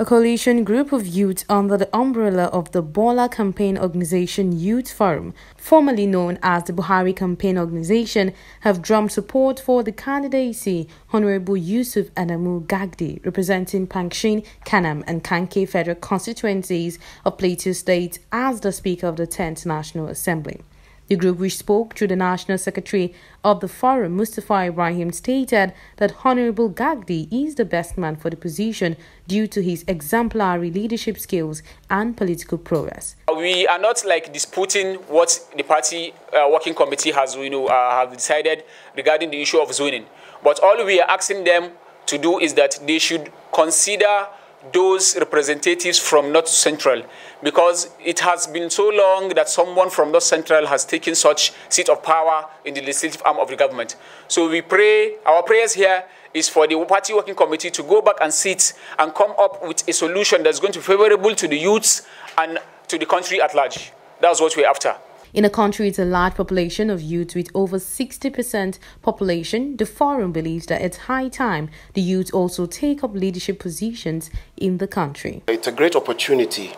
A coalition group of youths under the umbrella of the Bola Campaign Organization Youth Forum, formerly known as the Buhari Campaign Organization, have drummed support for the candidacy Honorable Yusuf Adamu Gagdi, representing Pangshin, Kanam, and Kanke federal constituencies of Plateau State as the Speaker of the 10th National Assembly. The group, which spoke to the National Secretary of the Forum, Mustafa Ibrahim, stated that Honorable Gagdi is the best man for the position due to his exemplary leadership skills and political prowess. We are not like disputing what the party uh, working committee has, you know, uh, have decided regarding the issue of zoning, but all we are asking them to do is that they should consider those representatives from North Central because it has been so long that someone from North Central has taken such seat of power in the legislative arm of the government. So we pray, our prayers here is for the party working committee to go back and sit and come up with a solution that's going to be favorable to the youths and to the country at large. That's what we're after. In a country with a large population of youths with over 60% population, the forum believes that it's high time the youth also take up leadership positions in the country. It's a great opportunity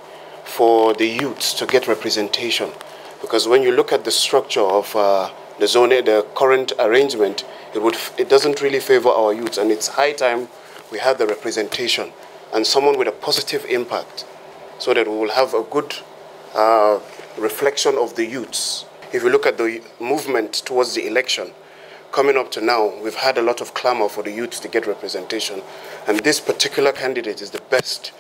for the youths to get representation because when you look at the structure of uh, the zone, the current arrangement, it, would, it doesn't really favor our youths and it's high time we have the representation and someone with a positive impact so that we will have a good uh, reflection of the youths. If you look at the movement towards the election, coming up to now, we've had a lot of clamor for the youths to get representation. And this particular candidate is the best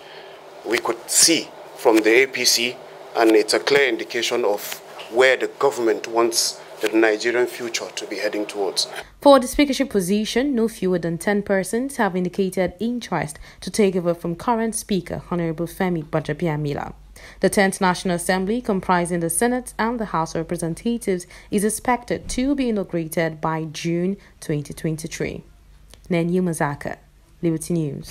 we could see from the APC, and it's a clear indication of where the government wants the Nigerian future to be heading towards. For the speakership position, no fewer than 10 persons have indicated interest to take over from current speaker, Honorable Femi Bajapiamila. The 10th National Assembly, comprising the Senate and the House of Representatives, is expected to be inaugurated by June 2023. Nen Mazaka, Liberty News.